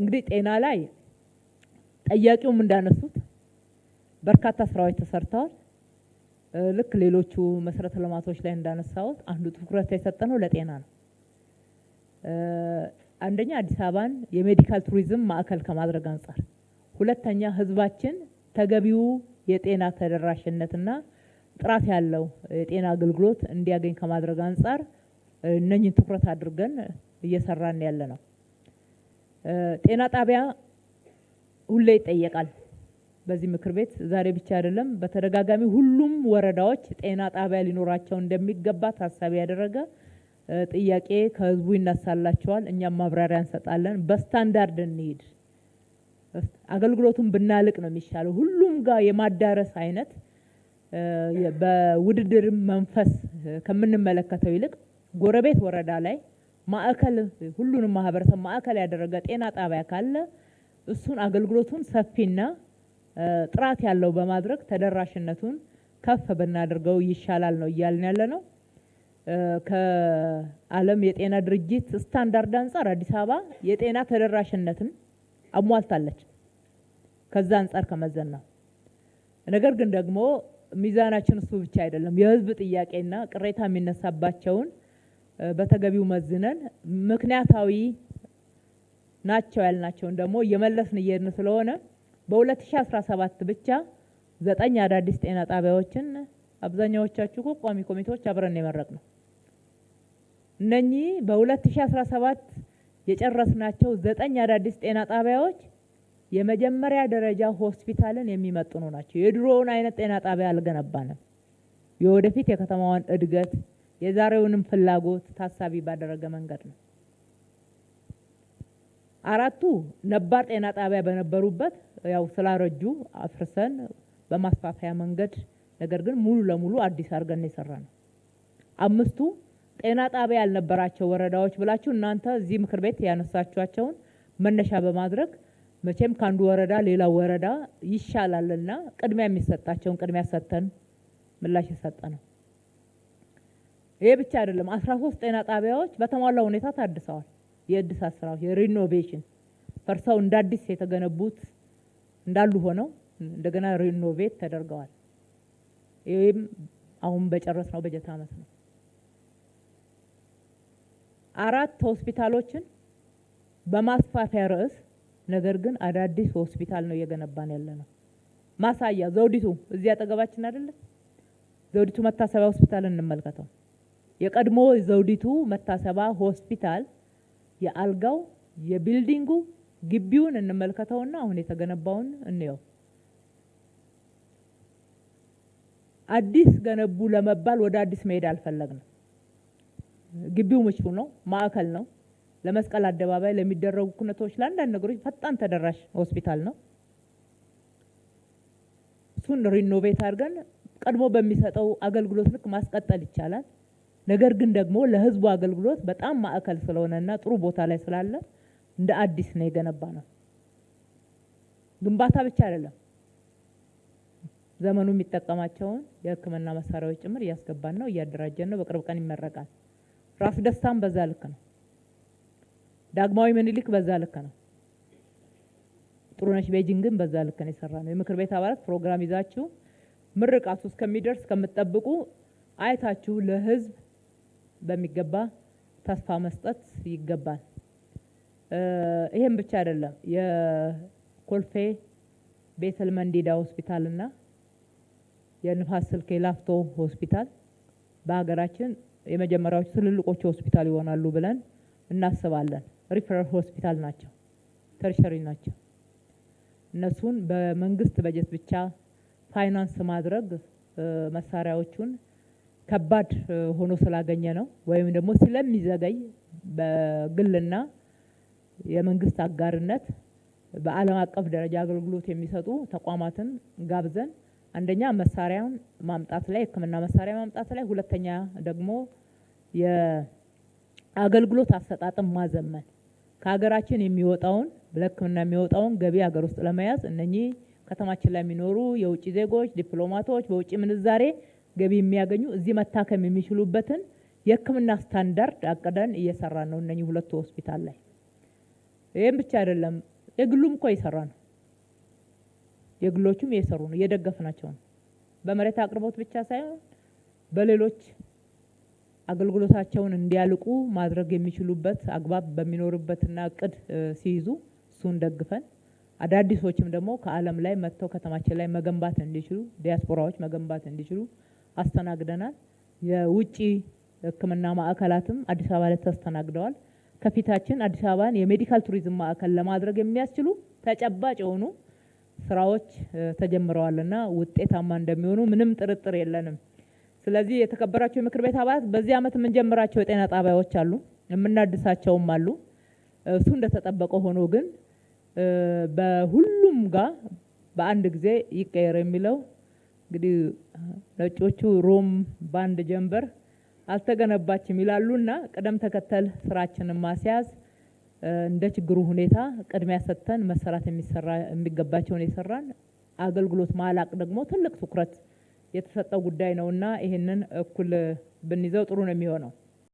እንግዲህ ጤና ላይ ጠያቂውም እንዳነሱት በርካታ ስራዎች ተሰርተዋል። ልክ ሌሎቹ መሰረተ ልማቶች ላይ እንዳነሳሁት አንዱ ትኩረት የሰጠነው ለጤና ነው። አንደኛ አዲስ አበባን የሜዲካል ቱሪዝም ማዕከል ከማድረግ አንጻር፣ ሁለተኛ ህዝባችን ተገቢው የጤና ተደራሽነትና ጥራት ያለው የጤና አገልግሎት እንዲያገኝ ከማድረግ አንጻር እነኝን ትኩረት አድርገን እየሰራን ያለ ነው። ጤና ጣቢያ ሁሌ ይጠየቃል። በዚህ ምክር ቤት ዛሬ ብቻ አይደለም፣ በተደጋጋሚ ሁሉም ወረዳዎች ጤና ጣቢያ ሊኖራቸው እንደሚገባ ታሳቢ ያደረገ ጥያቄ ከህዝቡ ይነሳላቸዋል። እኛም ማብራሪያ እንሰጣለን። በስታንዳርድ እንሂድ፣ አገልግሎቱን ብናልቅ ነው የሚሻለው። ሁሉም ጋር የማዳረስ አይነት በውድድር መንፈስ ከምንመለከተው ይልቅ ጎረቤት ወረዳ ላይ ማዕከል ሁሉንም ማህበረሰብ ማዕከል ያደረገ ጤና ጣቢያ ካለ እሱን አገልግሎቱን ሰፊና ጥራት ያለው በማድረግ ተደራሽነቱን ከፍ ብናደርገው ይሻላል ነው እያልን ያለ ነው። ከዓለም የጤና ድርጅት ስታንዳርድ አንጻር አዲስ አበባ የጤና ተደራሽነትን አሟልታለች። ከዛ አንጻር ከመዘን ነው። ነገር ግን ደግሞ ሚዛናችን እሱ ብቻ አይደለም። የህዝብ ጥያቄና ቅሬታ የሚነሳባቸውን በተገቢው መዝነን ምክንያታዊ ናቸው ያልናቸውን ደግሞ እየመለስን እየሄድን ስለሆነ በ2017 ብቻ ዘጠኝ አዳዲስ ጤና ጣቢያዎችን አብዛኛዎቻችሁ ቋሚ ኮሚቴዎች አብረን የመረቅ ነው። እነኚህ በ2017 የጨረስናቸው ዘጠኝ አዳዲስ ጤና ጣቢያዎች የመጀመሪያ ደረጃ ሆስፒታልን የሚመጥኑ ናቸው። የድሮውን አይነት ጤና ጣቢያ አልገነባንም። የወደፊት የከተማዋን እድገት የዛሬውንም ፍላጎት ታሳቢ ባደረገ መንገድ ነው። አራቱ ነባር ጤና ጣቢያ በነበሩበት ያው ስላረጁ አፍርሰን በማስፋፊያ መንገድ ነገር ግን ሙሉ ለሙሉ አዲስ አድርገን የሰራ ነው። አምስቱ ጤና ጣቢያ ያልነበራቸው ወረዳዎች ብላችሁ እናንተ እዚህ ምክር ቤት ያነሳችኋቸውን መነሻ በማድረግ መቼም ከአንዱ ወረዳ ሌላ ወረዳ ይሻላልና ቅድሚያ የሚሰጣቸውን ቅድሚያ ሰጥተን ምላሽ የሰጠ ነው። ይሄ ብቻ አይደለም። አስራ ሶስት ጤና ጣቢያዎች በተሟላ ሁኔታ ታድሰዋል። የእድሳት ስራዎች የሪኖቬሽን ፈርሰው እንዳዲስ የተገነቡት እንዳሉ ሆነው እንደገና ሪኖቬት ተደርገዋል። ይህም አሁን ነው በጀት አመት ነው። አራት ሆስፒታሎችን በማስፋፊያ ርዕስ ነገር ግን አዳዲስ ሆስፒታል ነው እየገነባን ያለ ነው። ማሳያ ዘውዲቱ እዚህ አጠገባችን አይደለም። ዘውዲቱ መታሰቢያ ሆስፒታል እንመልከተው። የቀድሞ ዘውዲቱ መታሰባ ሆስፒታል የአልጋው የቢልዲንጉ ግቢውን እንመልከተውና አሁን የተገነባውን እንየው። አዲስ ገነቡ ለመባል ወደ አዲስ መሄድ አልፈለግንም። ግቢው ምቹ ነው፣ ማዕከል ነው። ለመስቀል አደባባይ ለሚደረጉ ኩነቶች፣ ለአንዳንድ ነገሮች ፈጣን ተደራሽ ሆስፒታል ነው። እሱን ሪኖቬት አድርገን ቀድሞ በሚሰጠው አገልግሎት ልክ ማስቀጠል ይቻላል። ነገር ግን ደግሞ ለህዝቡ አገልግሎት በጣም ማዕከል ስለሆነና ጥሩ ቦታ ላይ ስላለ እንደ አዲስ ነው የገነባ ነው። ግንባታ ብቻ አይደለም፣ ዘመኑ የሚጠቀማቸውን የህክምና መሳሪያዎች ጭምር እያስገባን ነው፣ እያደራጀን ነው። በቅርብ ቀን ይመረቃል። ራስ ደስታም በዛ ልክ ነው። ዳግማዊ ምኒልክ በዛ ልክ ነው። ጥሩነሽ ቤጂንግን በዛ ልክ ነው የሰራ ነው። የምክር ቤት አባላት ፕሮግራም ይዛችሁ ምርቃቱ እስከሚደርስ ከምትጠብቁ አይታችሁ ለህዝብ በሚገባ ተስፋ መስጠት ይገባል። ይሄን ብቻ አይደለም የኮልፌ ቤተል መንዲዳ ሆስፒታል እና የንፋስ ስልክ የላፍቶ ሆስፒታል በሀገራችን የመጀመሪያዎቹ ትልልቆቹ ሆስፒታል ይሆናሉ ብለን እናስባለን። ሪፈራል ሆስፒታል ናቸው፣ ተርሸሪ ናቸው። እነሱን በመንግስት በጀት ብቻ ፋይናንስ ማድረግ መሳሪያዎቹን ከባድ ሆኖ ስላገኘ ነው ወይም ደግሞ ስለሚዘገይ በግልና የመንግስት አጋርነት በዓለም አቀፍ ደረጃ አገልግሎት የሚሰጡ ተቋማትን ጋብዘን አንደኛ መሳሪያ ማምጣት ላይ ሕክምና መሳሪያ ማምጣት ላይ፣ ሁለተኛ ደግሞ የአገልግሎት አሰጣጥም ማዘመን ከሀገራችን የሚወጣውን ለሕክምና የሚወጣውን ገቢ ሀገር ውስጥ ለመያዝ እነኚህ ከተማችን ላይ የሚኖሩ የውጭ ዜጎች ዲፕሎማቶች፣ በውጭ ምንዛሬ ገቢ የሚያገኙ እዚህ መታከም የሚችሉበትን የሕክምና ስታንዳርድ አቅደን እየሰራ ነው። እነኚህ ሁለቱ ሆስፒታል ላይ ይህም ብቻ አይደለም፣ የግሉም እኮ እየሰራ ነው። የግሎቹም እየሰሩ ነው፣ እየደገፍናቸው ነው። በመሬት አቅርቦት ብቻ ሳይሆን በሌሎች አገልግሎታቸውን እንዲያልቁ ማድረግ የሚችሉበት አግባብ በሚኖርበትና እቅድ ሲይዙ እሱን ደግፈን አዳዲሶችም ደግሞ ከዓለም ላይ መጥተው ከተማችን ላይ መገንባት እንዲችሉ ዲያስፖራዎች መገንባት እንዲችሉ አስተናግደናል። የውጪ ሕክምና ማዕከላትም አዲስ አበባ ላይ ተስተናግደዋል። ከፊታችን አዲስ አበባን የሜዲካል ቱሪዝም ማዕከል ለማድረግ የሚያስችሉ ተጨባጭ የሆኑ ስራዎች ተጀምረዋልና ውጤታማ እንደሚሆኑ ምንም ጥርጥር የለንም። ስለዚህ የተከበራቸው የምክር ቤት አባላት በዚህ ዓመት የምንጀምራቸው የጤና ጣቢያዎች አሉ፣ የምናድሳቸውም አሉ። እሱ እንደተጠበቀ ሆኖ ግን በሁሉም ጋር በአንድ ጊዜ ይቀየር የሚለው እንግዲህ ነጮቹ ሮም ባንድ ጀንበር አልተገነባችም ይላሉና ቅደም ተከተል ስራችንን ማስያዝ እንደ ችግሩ ሁኔታ ቅድሚያ ሰጥተን መሰራት የሚሰራ የሚገባቸውን የሰራን አገልግሎት ማላቅ ደግሞ ትልቅ ትኩረት የተሰጠው ጉዳይ ነውና ይህንን እኩል ብንይዘው ጥሩ ነው የሚሆነው።